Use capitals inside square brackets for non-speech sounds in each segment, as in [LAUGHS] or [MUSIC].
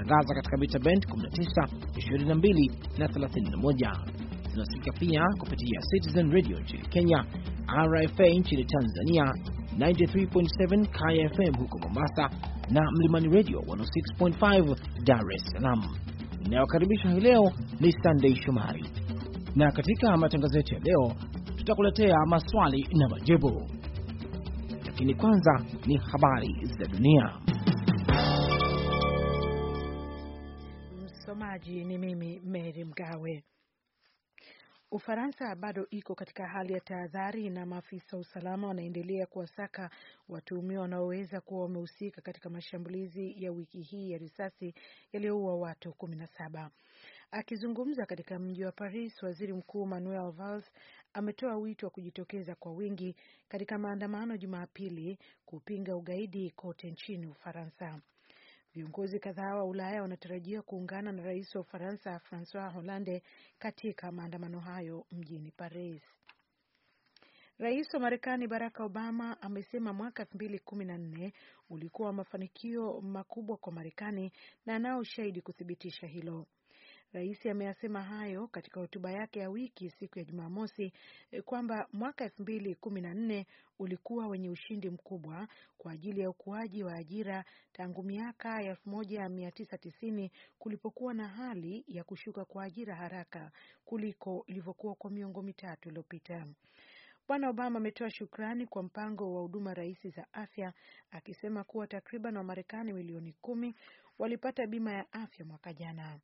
tunatangaza katika mita band 19, 22 na 31. Tunasikika pia kupitia Citizen Radio nchini Kenya, RFA nchini Tanzania, 93.7 KFM huko Mombasa na Mlimani Radio 106.5 Dar es Salaam. Inayokaribisha hii leo ni Sunday shumari na katika matangazo yetu ya leo tutakuletea maswali na majibu, lakini kwanza ni habari za dunia. Msomaji ni mimi Mary Mgawe. Ufaransa bado iko katika hali ya tahadhari na maafisa wa usalama wanaendelea kuwasaka watuhumiwa wanaoweza kuwa wamehusika katika mashambulizi ya wiki hii ya risasi yaliyoua watu kumi na saba. Akizungumza katika mji wa Paris, waziri mkuu Manuel Valls ametoa wito wa kujitokeza kwa wingi katika maandamano Jumapili kupinga ugaidi kote nchini Ufaransa. Viongozi kadhaa wa Ulaya wanatarajia kuungana na rais wa Ufaransa Francois Hollande katika maandamano hayo mjini Paris. Rais wa Marekani Barack Obama amesema mwaka 2014 ulikuwa mafanikio makubwa kwa Marekani na anao ushahidi kuthibitisha hilo. Rais ameyasema hayo katika hotuba yake ya wiki siku ya Jumamosi e, kwamba mwaka elfu mbili kumi na nne ulikuwa wenye ushindi mkubwa kwa ajili ya ukuaji wa ajira tangu miaka ya elfu moja mia tisa tisini kulipokuwa na hali ya kushuka kwa ajira haraka kuliko ilivyokuwa kwa miongo mitatu iliyopita. Bwana Obama ametoa shukrani kwa mpango wa huduma rahisi za afya akisema kuwa takriban Wamarekani milioni kumi walipata bima ya afya mwaka jana.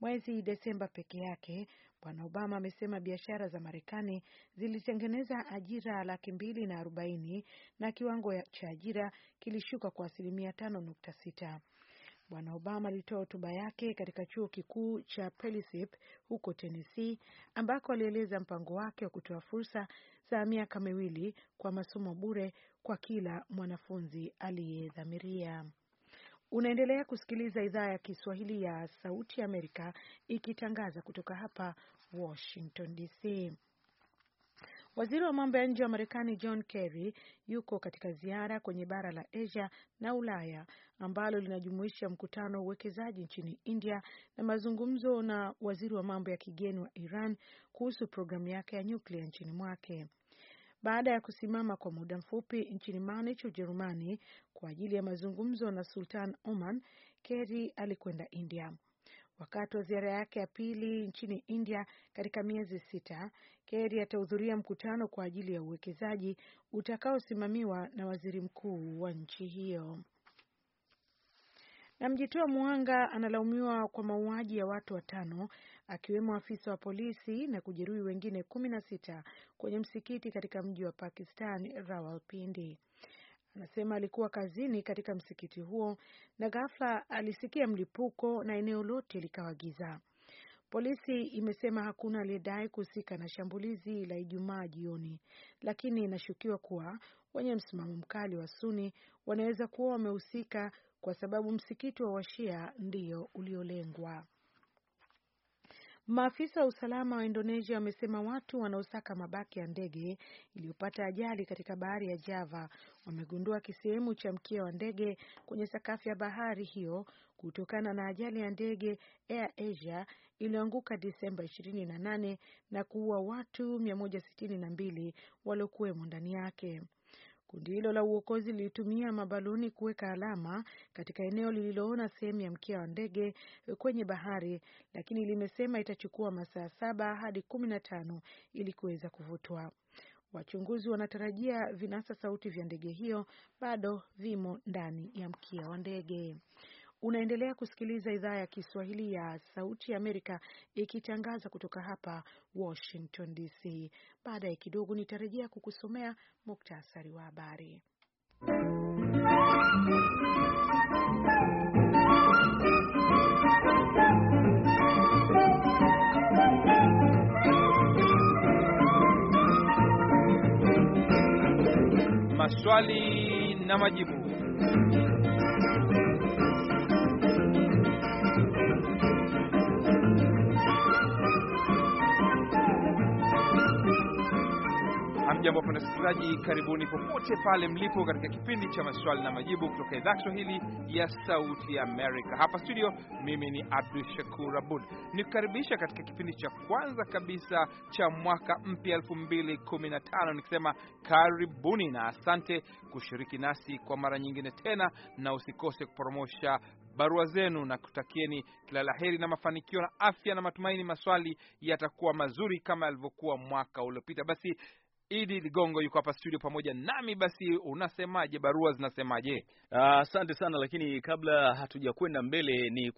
Mwezi Desemba peke yake, Bwana Obama amesema biashara za Marekani zilitengeneza ajira laki mbili na arobaini na kiwango cha ajira kilishuka kwa asilimia tano nukta sita. Bwana Obama alitoa hotuba yake katika chuo kikuu cha Pellissip huko Tennessee, ambako alieleza mpango wake wa kutoa fursa za miaka miwili kwa masomo bure kwa kila mwanafunzi aliyedhamiria. Unaendelea kusikiliza idhaa ya Kiswahili ya Sauti ya Amerika ikitangaza kutoka hapa Washington DC. Waziri wa mambo ya nje wa Marekani John Kerry yuko katika ziara kwenye bara la Asia na Ulaya ambalo linajumuisha mkutano wa uwekezaji nchini India na mazungumzo na waziri wa mambo ya kigeni wa Iran kuhusu programu yake ya nyuklia nchini mwake baada ya kusimama kwa muda mfupi nchini Munich, Ujerumani, kwa ajili ya mazungumzo na Sultan Oman, Kerry alikwenda India. Wakati wa ziara yake ya pili nchini India katika miezi sita, Kerry atahudhuria mkutano kwa ajili ya uwekezaji utakaosimamiwa na waziri mkuu wa nchi hiyo. Na mjitoa muhanga analaumiwa kwa mauaji ya watu watano akiwemo afisa wa polisi na kujeruhi wengine kumi na sita kwenye msikiti katika mji wa Pakistan Rawalpindi. Anasema alikuwa kazini katika msikiti huo na ghafla alisikia mlipuko na eneo lote likawa giza. Polisi imesema hakuna aliyedai kuhusika na shambulizi la Ijumaa jioni, lakini inashukiwa kuwa wenye msimamo mkali wa Suni wanaweza kuwa wamehusika kwa sababu msikiti wa Washia ndio uliolengwa. Maafisa wa usalama wa Indonesia wamesema watu wanaosaka mabaki ya ndege iliyopata ajali katika bahari ya Java wamegundua kisehemu cha mkia wa ndege kwenye sakafu ya bahari hiyo kutokana na ajali ya ndege Air Asia iliyoanguka Disemba 28 na kuua watu 162 waliokuwemo ndani yake. Kundi hilo la uokozi lilitumia mabaluni kuweka alama katika eneo lililoona sehemu ya mkia wa ndege kwenye bahari, lakini limesema itachukua masaa saba hadi kumi na tano ili kuweza kuvutwa. Wachunguzi wanatarajia vinasa sauti vya ndege hiyo bado vimo ndani ya mkia wa ndege. Unaendelea kusikiliza idhaa ya Kiswahili ya Sauti ya Amerika ikitangaza kutoka hapa Washington DC. Baadaye kidogo nitarejea kukusomea muktasari wa habari. Maswali na majibu. Hamjambo wapenda wasikilizaji, karibuni popote pale mlipo katika kipindi cha maswali na majibu kutoka idhaa Kiswahili ya Sauti ya Amerika. Hapa studio, mimi ni Abdu Shakur Abud nikukaribisha katika kipindi cha kwanza kabisa cha mwaka mpya 2015 nikisema karibuni na asante kushiriki nasi kwa mara nyingine tena, na usikose kuporomosha barua zenu na kutakieni kila la heri na mafanikio na afya na matumaini. Maswali yatakuwa mazuri kama yalivyokuwa mwaka uliopita. Basi Idi Ligongo yuko hapa studio pamoja nami. Basi unasemaje, barua zinasemaje? Ah, asante uh, sana. Lakini kabla hatujakwenda mbele, ni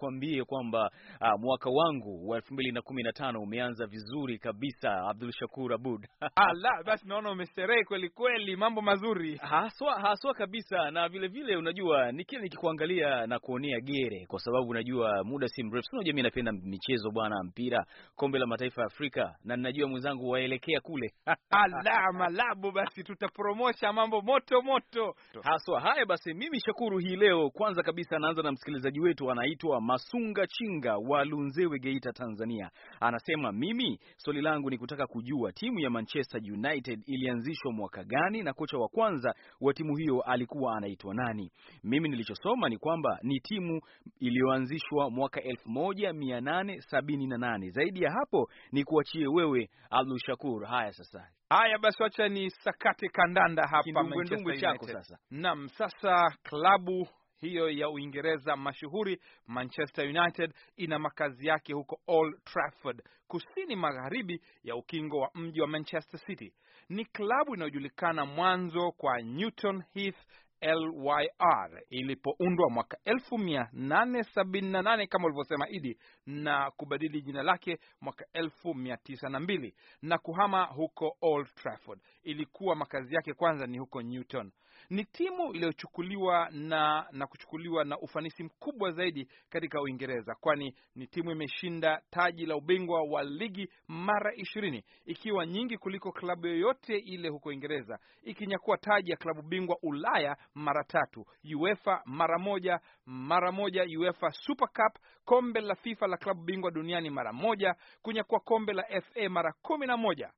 kwamba uh, mwaka wangu wa elfu mbili na kumi na tano umeanza vizuri kabisa, Abdul Shakur Abud. [LAUGHS] Ala, basi naona umesherehe kweli kweli, mambo mazuri haswa haswa kabisa. Na vile vile, unajua nikila nikikuangalia na kuonea gere, kwa sababu unajua muda si mrefu, unajua mimi napenda michezo bwana, mpira, kombe la mataifa ya Afrika, na ninajua mwenzangu waelekea kule [LAUGHS] Ala kukaa malabu, basi tutapromosha mambo moto moto haswa. Haya basi, mimi Shakuru hii leo kwanza kabisa naanza na msikilizaji wetu anaitwa Masunga Chinga wa Lunzewe, Geita, Tanzania. Anasema mimi swali langu ni kutaka kujua timu ya Manchester United ilianzishwa mwaka gani na kocha wa kwanza wa timu hiyo alikuwa anaitwa nani? Mimi nilichosoma ni kwamba ni timu iliyoanzishwa mwaka 1878. Zaidi ya hapo ni kuachie wewe Abdul Shakur. Haya sasa Haya basi, wacha ni sakate kandanda hapa Manchester chako sasa. Naam, sasa klabu hiyo ya Uingereza mashuhuri Manchester United ina makazi yake huko Old Trafford, kusini magharibi ya ukingo wa mji wa Manchester City. Ni klabu inayojulikana mwanzo kwa Newton Heath LYR ilipoundwa mwaka 1878 kama ulivyosema Idi, na kubadili jina lake mwaka 1902 na kuhama huko Old Trafford. Ilikuwa makazi yake kwanza ni huko Newton. Ni timu iliyochukuliwa na, na kuchukuliwa na ufanisi mkubwa zaidi katika Uingereza, kwani ni timu imeshinda taji la ubingwa wa ligi mara ishirini, ikiwa nyingi kuliko klabu yoyote ile huko Uingereza, ikinyakua taji ya klabu bingwa Ulaya mara tatu, UEFA mara moja, mara moja UEFA Super Cup, kombe la FIFA la klabu bingwa duniani mara moja, kunyakua kombe la FA mara kumi na moja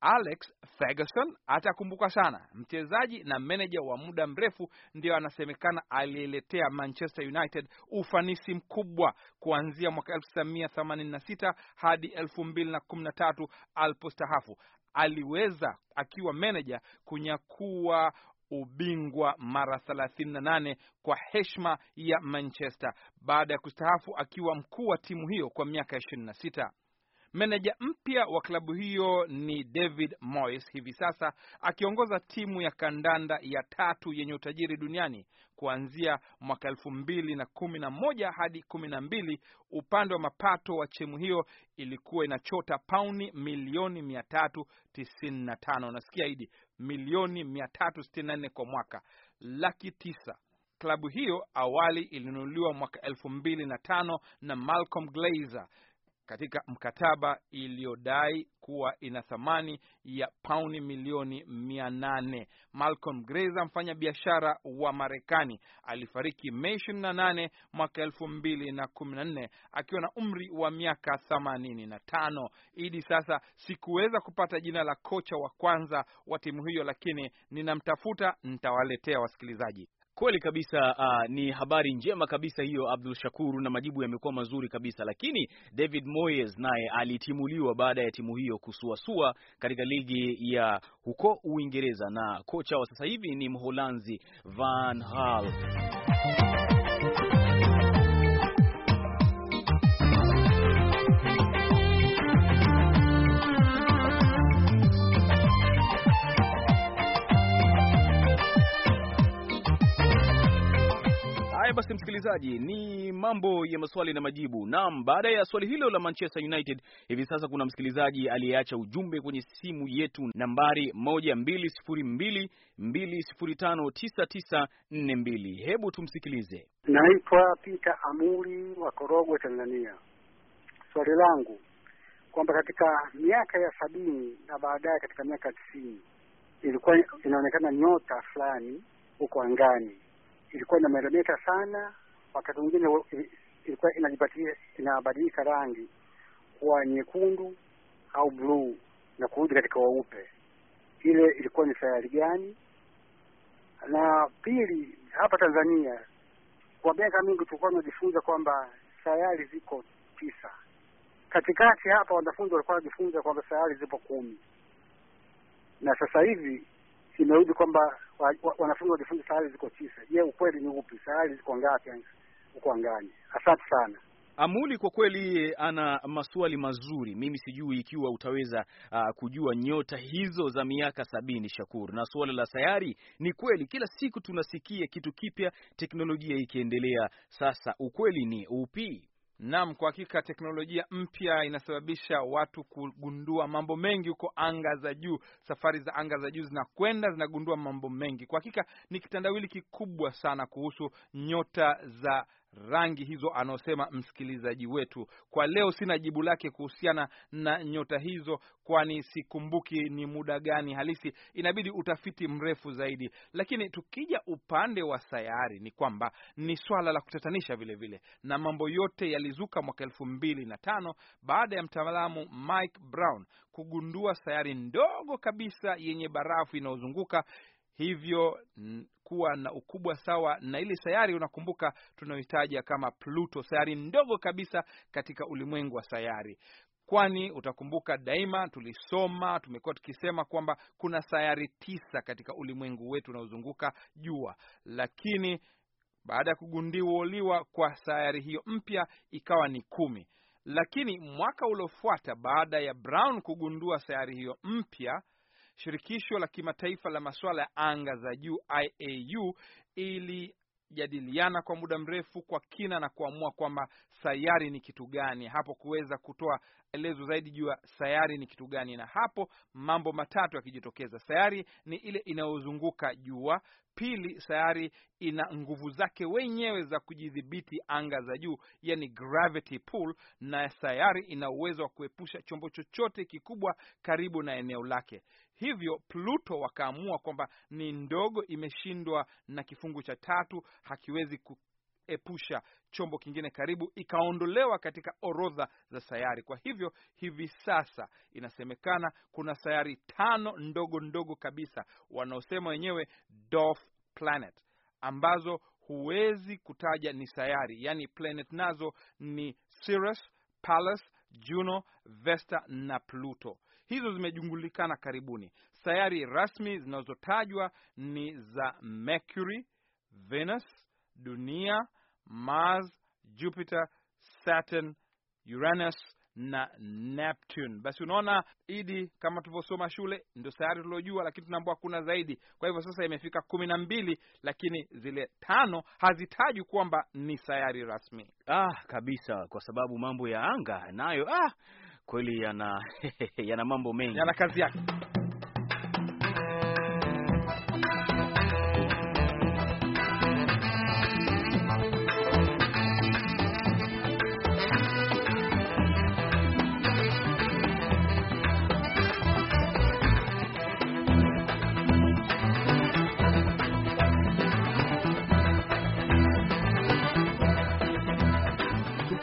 Alex Ferguson atakumbuka sana, mchezaji na meneja wa muda mrefu, ndiyo anasemekana aliyeletea Manchester United ufanisi mkubwa kuanzia mwaka 1986 hadi 2013 alipostahafu. Aliweza akiwa meneja kunyakua ubingwa mara 38 kwa heshima ya Manchester baada ya kustahafu akiwa mkuu wa timu hiyo kwa miaka 26. Meneja mpya wa klabu hiyo ni David Moyes, hivi sasa akiongoza timu ya kandanda ya tatu yenye utajiri duniani kuanzia mwaka elfu mbili na kumi na moja hadi kumi na mbili. Upande wa mapato wa timu hiyo ilikuwa inachota pauni milioni mia tatu tisini na tano. Unasikia Idi, milioni mia tatu sitini na nne kwa mwaka, laki tisa. Klabu hiyo awali ilinunuliwa mwaka elfu mbili na tano na Malcolm Glazer katika mkataba iliyodai kuwa ina thamani ya pauni milioni mia nane. Malcolm Glaser, mfanya biashara wa Marekani, alifariki Mei nane mwaka elfu mbili na nne akiwa na umri wa miaka na tano Idi, sasa sikuweza kupata jina la kocha wa kwanza wa timu hiyo, lakini ninamtafuta, nitawaletea wasikilizaji. Kweli kabisa. Uh, ni habari njema kabisa hiyo, Abdul Shakuru, na majibu yamekuwa mazuri kabisa, lakini David Moyes naye alitimuliwa baada ya timu hiyo kusuasua katika ligi ya huko Uingereza, na kocha wa sasa hivi ni Mholanzi Van Hal basi msikilizaji, ni mambo ya maswali na majibu. Naam, baada ya swali hilo la Manchester United, hivi sasa kuna msikilizaji aliyeacha ujumbe kwenye simu yetu nambari 12022059942. Hebu tumsikilize. Naitwa Peter Amuri wa Korogwe, Tanzania. Swali langu kwamba katika miaka ya sabini na baadaye katika miaka ya tisini ilikuwa inaonekana nyota fulani huko angani ilikuwa inameremeta sana, wakati mwingine ilikuwa inabadilika rangi kuwa nyekundu au bluu na kurudi katika weupe. Ile ilikuwa ni sayari gani? Na pili, hapa Tanzania kwa miaka mingi tulikuwa tunajifunza kwamba sayari ziko tisa. Katikati hapa wanafunzi walikuwa wanajifunza kwamba sayari zipo kumi, na sasa hivi imerudi kwamba wanafunzi wajifunze sayari ziko tisa. Je, ukweli ni upi? Sayari ziko ngapi huko angani? Asante sana. Amuli kwa kweli ana maswali mazuri. Mimi sijui ikiwa utaweza uh, kujua nyota hizo za miaka sabini, Shakuru. Na suala la sayari, ni kweli kila siku tunasikia kitu kipya, teknolojia ikiendelea. Sasa ukweli ni upi? Naam, kwa hakika teknolojia mpya inasababisha watu kugundua mambo mengi huko anga za juu. Safari za anga za juu zinakwenda zinagundua mambo mengi. Kwa hakika ni kitandawili kikubwa sana kuhusu nyota za rangi hizo anaosema msikilizaji wetu. Kwa leo sina jibu lake kuhusiana na nyota hizo, kwani sikumbuki ni muda gani halisi, inabidi utafiti mrefu zaidi. Lakini tukija upande wa sayari, ni kwamba ni swala la kutatanisha vilevile vile. Na mambo yote yalizuka mwaka elfu mbili na tano baada ya mtaalamu Mike Brown kugundua sayari ndogo kabisa yenye barafu inayozunguka hivyo kuwa na ukubwa sawa na ile sayari unakumbuka tunayohitaja kama Pluto, sayari ndogo kabisa katika ulimwengu wa sayari kwani utakumbuka daima tulisoma, tumekuwa tukisema kwamba kuna sayari tisa katika ulimwengu wetu unaozunguka jua, lakini baada ya kugunduliwa kwa sayari hiyo mpya ikawa ni kumi. Lakini mwaka uliofuata baada ya Brown kugundua sayari hiyo mpya Shirikisho la kimataifa la masuala ya anga za juu IAU ilijadiliana kwa muda mrefu kwa kina na kuamua kwamba sayari ni kitu gani, hapo kuweza kutoa elezo zaidi juu ya sayari ni kitu gani, na hapo mambo matatu yakijitokeza. Sayari ni ile inayozunguka jua. Pili, sayari ina nguvu zake wenyewe za kujidhibiti anga za juu, yani gravity pool na sayari ina uwezo wa kuepusha chombo chochote kikubwa karibu na eneo lake. Hivyo Pluto wakaamua kwamba ni ndogo, imeshindwa na kifungu cha tatu, hakiwezi kuepusha chombo kingine karibu, ikaondolewa katika orodha za sayari. Kwa hivyo hivi sasa inasemekana kuna sayari tano ndogo ndogo kabisa, wanaosema wenyewe dwarf planet, ambazo huwezi kutaja ni sayari, yaani planet nazo ni Sirius, Pallas, Juno, Vesta na Pluto hizo zimejungulikana karibuni. Sayari rasmi zinazotajwa ni za Mercury, Venus, Dunia, Mars, Jupiter, Saturn, Uranus na Neptune. Basi unaona Idi, kama tulivyosoma shule, ndio sayari tuliojua, lakini tunaambua kuna zaidi. Kwa hivyo sasa imefika kumi na mbili, lakini zile tano hazitajwi kwamba ni sayari rasmi. Ah, kabisa, kwa sababu mambo ya anga nayo ah kweli yana [LAUGHS] yana mambo mengi, yana kazi yake.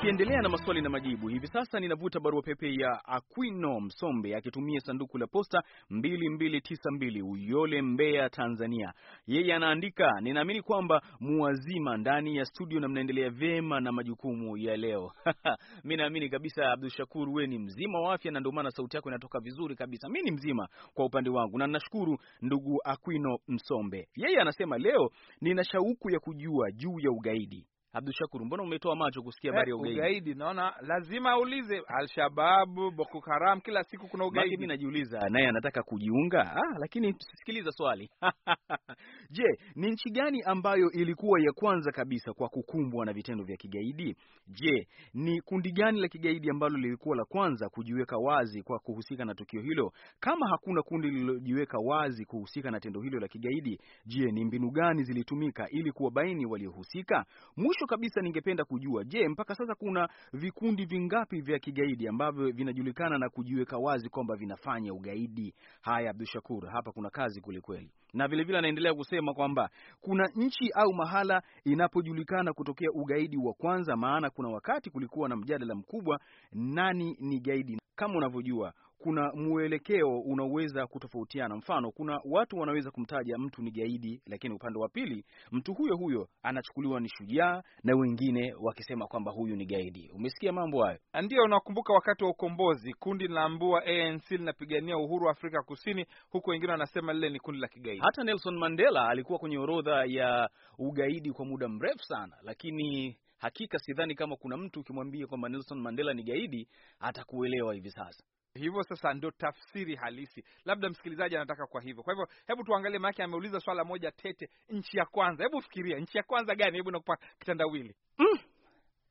Tukiendelea na maswali na majibu, hivi sasa ninavuta barua pepe ya Aquino Msombe akitumia sanduku la posta 2292 Uyole, Mbeya, Tanzania. Yeye anaandika, ninaamini kwamba muwazima ndani ya studio na mnaendelea vyema na majukumu ya leo. Mimi [LAUGHS] naamini kabisa Abdul Shakur, wewe ni mzima wa afya na ndio maana sauti yako inatoka vizuri kabisa. Mimi ni mzima kwa upande wangu na ninashukuru ndugu Aquino Msombe. Yeye anasema leo nina shauku ya kujua juu ya ugaidi abdu Shakur, mbona umetoa macho kusikia eh, habari ya ugaidi? Ugaidi naona lazima aulize Alshababu, Boko Haram, kila siku kuna ugaidi. Mimi najiuliza naye anataka kujiunga? Ah, lakini sikiliza swali. [LAUGHS] Je, ni nchi gani ambayo ilikuwa ya kwanza kabisa kwa kukumbwa na vitendo vya kigaidi? Je, ni kundi gani la kigaidi ambalo lilikuwa la kwanza kujiweka wazi kwa kuhusika na tukio hilo? Kama hakuna kundi lililojiweka wazi kuhusika na tendo hilo la kigaidi, je, ni mbinu gani zilitumika ili kuwabaini waliohusika? Mwisho mwisho kabisa ningependa kujua, je, mpaka sasa kuna vikundi vingapi vya kigaidi ambavyo vinajulikana na kujiweka wazi kwamba vinafanya ugaidi? Haya, Abdu Shakur, hapa kuna kazi kwelikweli. Na vilevile anaendelea vile kusema kwamba kuna nchi au mahala inapojulikana kutokea ugaidi wa kwanza, maana kuna wakati kulikuwa na mjadala mkubwa, nani ni gaidi? Kama unavyojua kuna mwelekeo unaweza kutofautiana. Mfano, kuna watu wanaweza kumtaja mtu ni gaidi, lakini upande wa pili mtu huyo huyo anachukuliwa ni shujaa na wengine wakisema kwamba huyu ni gaidi. Umesikia mambo hayo? Ndiyo, unakumbuka wakati wa ukombozi kundi la Mbua ANC linapigania uhuru wa Afrika Kusini, huku wengine wanasema lile ni kundi la kigaidi. Hata Nelson Mandela alikuwa kwenye orodha ya ugaidi kwa muda mrefu sana, lakini hakika sidhani kama kuna mtu ukimwambia kwamba Nelson Mandela ni gaidi atakuelewa hivi sasa hivyo sasa ndio tafsiri halisi, labda msikilizaji anataka. Kwa hivyo, kwa hivyo, hebu tuangalie, maake ameuliza swala moja tete, nchi ya kwanza. Hebu fikiria nchi ya kwanza gani? Hebu nakupa kitandawili. Mm,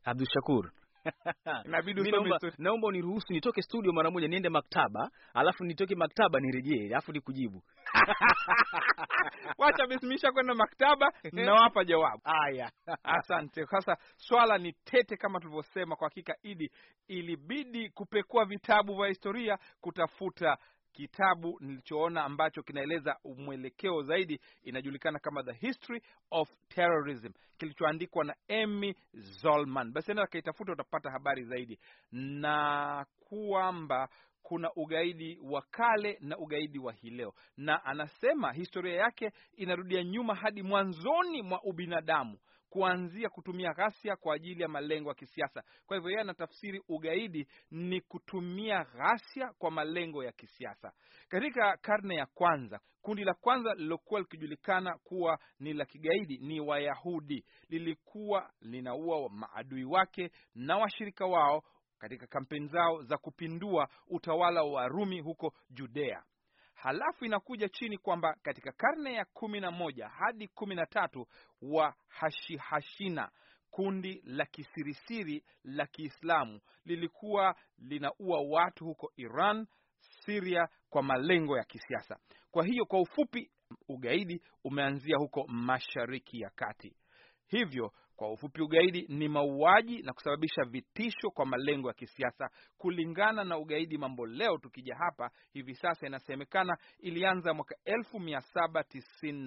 Abdushakur [LAUGHS] Naomba uniruhusu nitoke studio mara moja niende maktaba, alafu nitoke maktaba nirejee, alafu nikujibu. [LAUGHS] Wacha bisimisha kwenda maktaba [LAUGHS] nawapa jawabu. Haya. Asante. Sasa swala ni tete kama tulivyosema, kwa hakika Idi ilibidi kupekua vitabu vya historia kutafuta kitabu nilichoona ambacho kinaeleza mwelekeo zaidi, inajulikana kama The History of Terrorism kilichoandikwa na Amy Zolman. Basi enda kaitafuta, utapata habari zaidi, na kwamba kuna ugaidi wa kale na ugaidi wa hii leo, na anasema historia yake inarudia nyuma hadi mwanzoni mwa ubinadamu kuanzia kutumia ghasia kwa ajili ya malengo ya kisiasa. Kwa hivyo, yeye anatafsiri ugaidi ni kutumia ghasia kwa malengo ya kisiasa. Katika karne ya kwanza, kundi la kwanza lilokuwa likijulikana kuwa ni la kigaidi ni Wayahudi, lilikuwa linaua maadui wake na washirika wao katika kampeni zao za kupindua utawala wa Rumi huko Judea. Halafu inakuja chini kwamba katika karne ya kumi na moja hadi kumi na tatu wa Hashihashina kundi la kisirisiri la Kiislamu lilikuwa linaua watu huko Iran, Siria kwa malengo ya kisiasa. Kwa hiyo kwa ufupi, ugaidi umeanzia huko Mashariki ya Kati. Hivyo kwa ufupi, ugaidi ni mauaji na kusababisha vitisho kwa malengo ya kisiasa. Kulingana na ugaidi mambo leo, tukija hapa hivi sasa, inasemekana ilianza mwaka tisini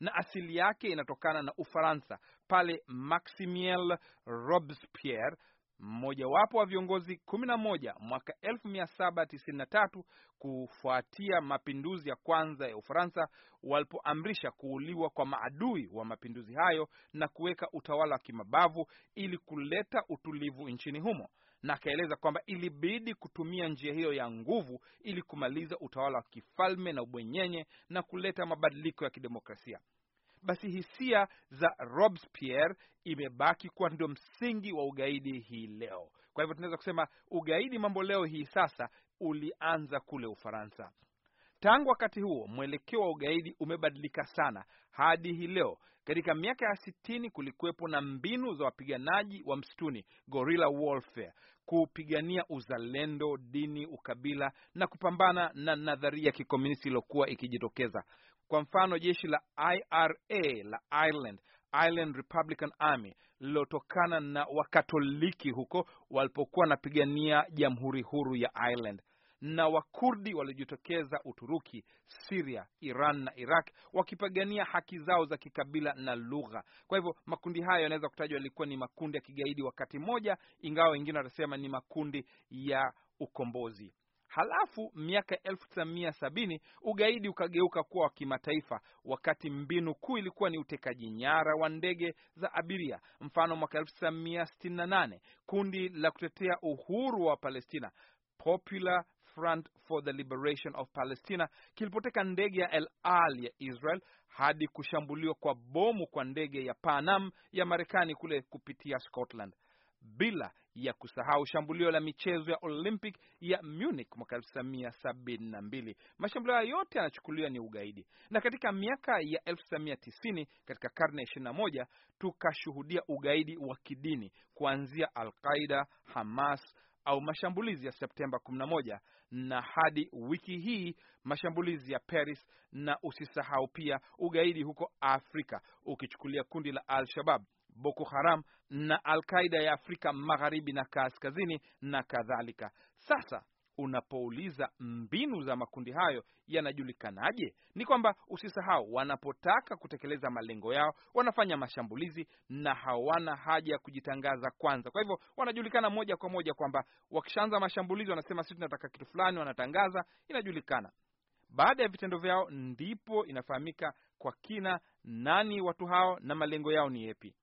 na asili yake inatokana na Ufaransa pale maximiel Robespierre mmojawapo wa viongozi 11 mwaka 1793 kufuatia mapinduzi ya kwanza ya Ufaransa walipoamrisha kuuliwa kwa maadui wa mapinduzi hayo na kuweka utawala wa kimabavu ili kuleta utulivu nchini humo, na akaeleza kwamba ilibidi kutumia njia hiyo ya nguvu ili kumaliza utawala wa kifalme na ubwenyenye na kuleta mabadiliko ya kidemokrasia basi hisia za Robespierre imebaki kuwa ndio msingi wa ugaidi hii leo. Kwa hivyo tunaweza kusema ugaidi mambo leo hii sasa ulianza kule Ufaransa. Tangu wakati huo mwelekeo wa ugaidi umebadilika sana hadi hii leo. Katika miaka ya sitini kulikuwepo na mbinu za wapiganaji wa msituni, guerrilla warfare, kupigania uzalendo, dini, ukabila na kupambana na nadharia ya kikomunisti iliyokuwa ikijitokeza. Kwa mfano, jeshi la IRA la Ireland, Ireland Republican Army lilotokana na Wakatoliki huko walipokuwa wanapigania jamhuri huru ya Ireland na Wakurdi waliojitokeza Uturuki, Siria, Iran na Iraq wakipigania haki zao za kikabila na lugha. Kwa hivyo makundi hayo yanaweza kutajwa yalikuwa ni makundi ya kigaidi wakati mmoja, ingawa wengine watasema ni makundi ya ukombozi. Halafu miaka elfu tisa mia sabini ugaidi ukageuka kuwa wa kimataifa, wakati mbinu kuu ilikuwa ni utekaji nyara wa ndege za abiria. Mfano, mwaka elfu tisa mia sitini na nane kundi la kutetea uhuru wa Palestina Popular Front for the Liberation of Palestina kilipoteka ndege ya El Al ya Israel hadi kushambuliwa kwa bomu kwa ndege ya Panam ya Marekani kule kupitia Scotland. Bila ya kusahau shambulio la michezo ya Olympic ya Munich mwaka 1972. Mashambulio hayo yote yanachukuliwa ni ugaidi, na katika miaka ya 1990 katika karne ya 21 tukashuhudia ugaidi wa kidini kuanzia Al-Qaida, Hamas au mashambulizi ya Septemba 11 na hadi wiki hii mashambulizi ya Paris, na usisahau pia ugaidi huko Afrika ukichukulia kundi la Al-Shabab Boko Haram na Al-Qaida ya Afrika Magharibi na Kaskazini na kadhalika. Sasa unapouliza mbinu za makundi hayo yanajulikanaje, ni kwamba usisahau, wanapotaka kutekeleza malengo yao wanafanya mashambulizi na hawana haja ya kujitangaza kwanza. Kwa hivyo wanajulikana moja kwa moja kwamba wakishaanza mashambulizi wanasema sisi tunataka kitu fulani, wanatangaza, inajulikana. Baada ya vitendo vyao ndipo inafahamika kwa kina nani watu hao na malengo yao ni yepi.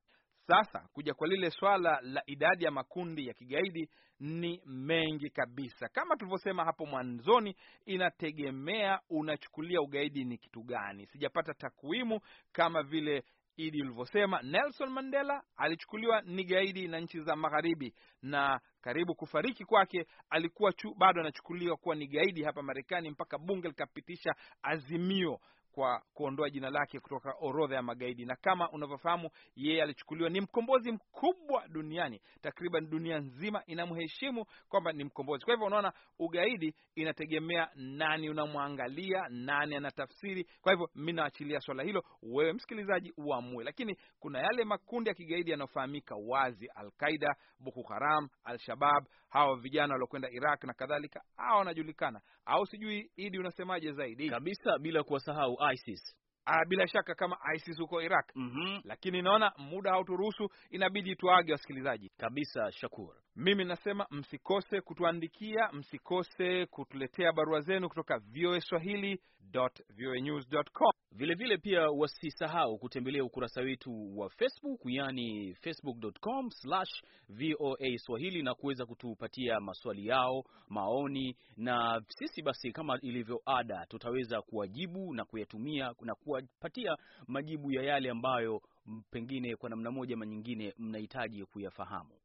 Sasa kuja kwa lile swala la idadi ya makundi ya kigaidi ni mengi kabisa. Kama tulivyosema hapo mwanzoni, inategemea unachukulia ugaidi ni kitu gani. Sijapata takwimu kama vile Idi ulivyosema. Nelson Mandela alichukuliwa ni gaidi na nchi za Magharibi, na karibu kufariki kwake alikuwa chu, bado anachukuliwa kuwa ni gaidi hapa Marekani mpaka bunge likapitisha azimio kwa kuondoa jina lake kutoka orodha ya magaidi. Na kama unavyofahamu, yeye alichukuliwa ni mkombozi mkubwa duniani, takriban dunia nzima inamheshimu kwamba ni mkombozi. Kwa hivyo, unaona ugaidi inategemea nani unamwangalia, nani anatafsiri. Kwa hivyo, mi naachilia swala hilo, wewe msikilizaji uamue, lakini kuna yale makundi ya kigaidi yanayofahamika wazi: Alqaida, Boko Haram, Alshabab, hawa vijana waliokwenda Iraq na kadhalika, hawa wanajulikana, au sijui. Idi, unasemaje zaidi? Kabisa, bila kuwasahau ISIS ah, bila shaka kama ISIS huko Iraq. mm -hmm. Lakini naona muda hauturuhusu, inabidi tuage wasikilizaji kabisa. Shakur, mimi nasema msikose kutuandikia, msikose kutuletea barua zenu kutoka voaswahili.voanews.com Vilevile vile pia wasisahau kutembelea ukurasa wetu wa Facebook, yani facebook.com VOA Swahili, na kuweza kutupatia maswali yao, maoni, na sisi basi, kama ilivyo ada, tutaweza kuwajibu na kuyatumia na kuwapatia majibu ya yale ambayo pengine kwa namna moja ama nyingine mnahitaji kuyafahamu.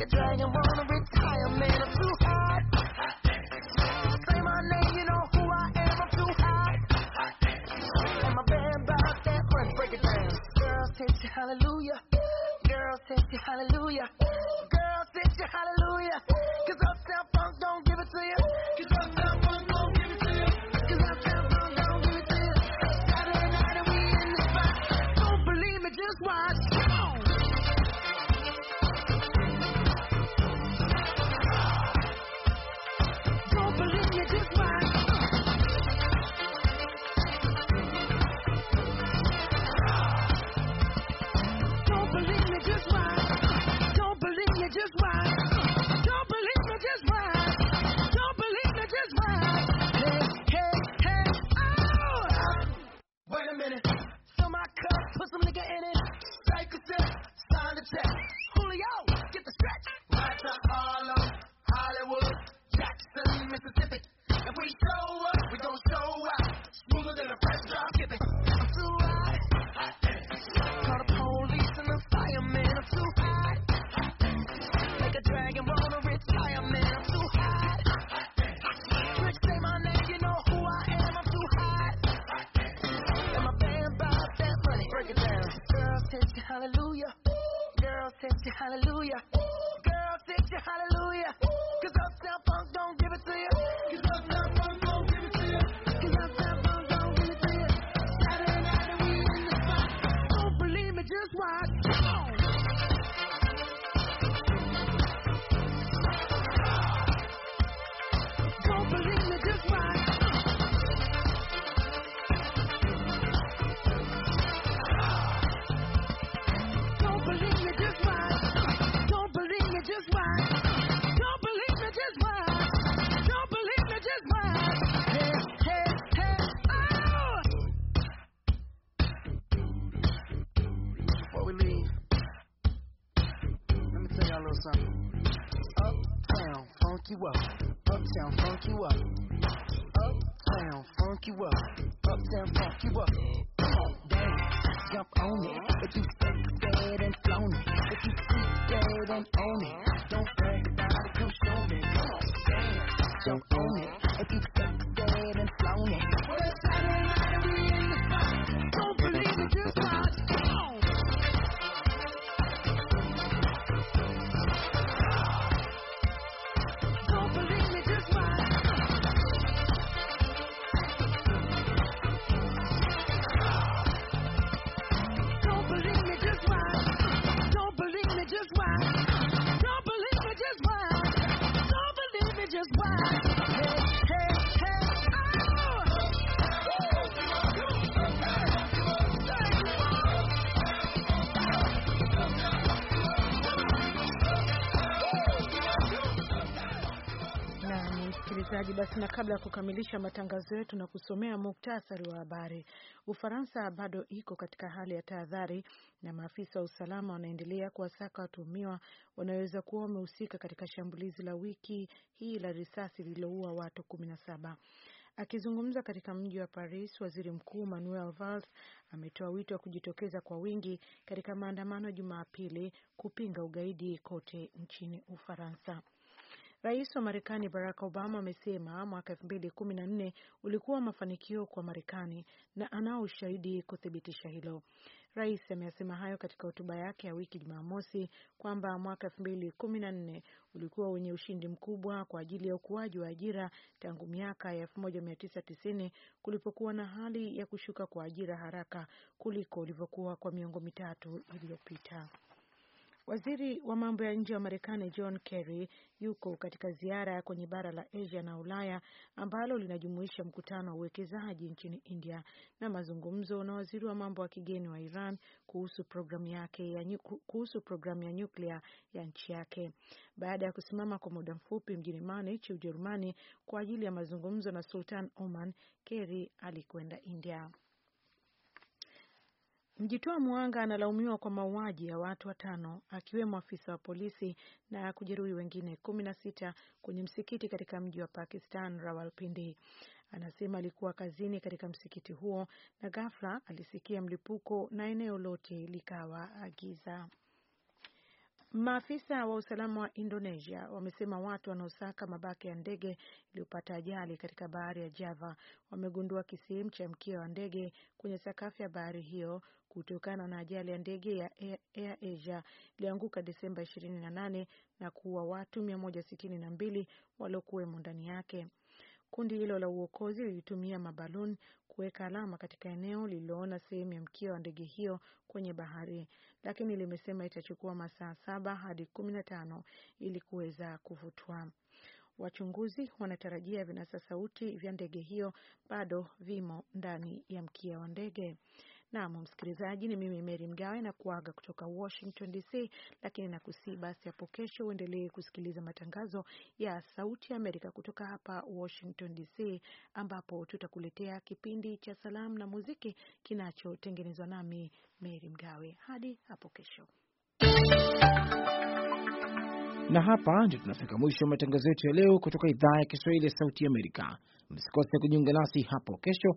a dragon. Na kabla ya kukamilisha matangazo yetu na kusomea muktasari wa habari, Ufaransa bado iko katika hali ya tahadhari na maafisa wa usalama wanaendelea kuwasaka watuhumiwa wanaweza kuwa wamehusika katika shambulizi la wiki hii la risasi lililoua watu kumi na saba. Akizungumza katika mji wa Paris, waziri mkuu Manuel Valls ametoa wito wa kujitokeza kwa wingi katika maandamano ya Jumapili kupinga ugaidi kote nchini Ufaransa. Rais wa Marekani Barack Obama amesema mwaka nne ulikuwa mafanikio kwa Marekani na anao ushahidi kuthibitisha hilo. Rais ameyasema hayo katika hotuba yake ya wiki Jumamosi kwamba mwaka nne ulikuwa wenye ushindi mkubwa kwa ajili ya ukuaji wa ajira tangu miaka ya 1990 kulipokuwa na hali ya kushuka kwa ajira haraka kuliko ulivyokuwa kwa miongo mitatu iliyopita. Waziri wa mambo ya nje wa Marekani John Kerry yuko katika ziara kwenye bara la Asia na Ulaya ambalo linajumuisha mkutano wa uwekezaji nchini India na mazungumzo na waziri wa mambo ya kigeni wa Iran kuhusu programu yake ya kuhusu programu ya nyuklia ya nchi yake. Baada ya kusimama kwa muda mfupi mjini Munich, Ujerumani kwa ajili ya mazungumzo na Sultan Oman, Kerry alikwenda India. Mjitoa mwanga analaumiwa kwa mauaji ya watu watano akiwemo afisa wa polisi na kujeruhi wengine kumi na sita kwenye msikiti katika mji wa Pakistan, Rawalpindi. Anasema alikuwa kazini katika msikiti huo na ghafla alisikia mlipuko na eneo lote likawa agiza. Maafisa wa usalama wa Indonesia wamesema watu wanaosaka mabaki ya ndege iliyopata ajali katika bahari ya Java wamegundua kisehemu cha mkia wa ndege kwenye sakafu ya bahari hiyo kutokana na ajali ya ndege ya Air Asia iliyoanguka Desemba 28 na kuua watu 162 waliokuwemo ndani yake. Kundi hilo la uokozi lilitumia mabaluni kuweka alama katika eneo lililoona sehemu ya mkia wa ndege hiyo kwenye bahari lakini limesema itachukua masaa saba hadi kumi na tano ili kuweza kuvutwa. Wachunguzi wanatarajia vinasa sauti vya ndege hiyo bado vimo ndani ya mkia wa ndege. Naam msikilizaji, ni mimi Meri Mgawe na kuaga kutoka Washington DC, lakini nakusii basi hapo kesho uendelee kusikiliza matangazo ya Sauti ya Amerika kutoka hapa Washington DC, ambapo tutakuletea kipindi cha salamu na muziki kinachotengenezwa nami Meri Mgawe. Hadi hapo kesho. Na hapa ndio tunafika mwisho wa matangazo yetu ya leo kutoka idhaa ya Kiswahili ya Sauti Amerika. Msikose kujiunga nasi hapo kesho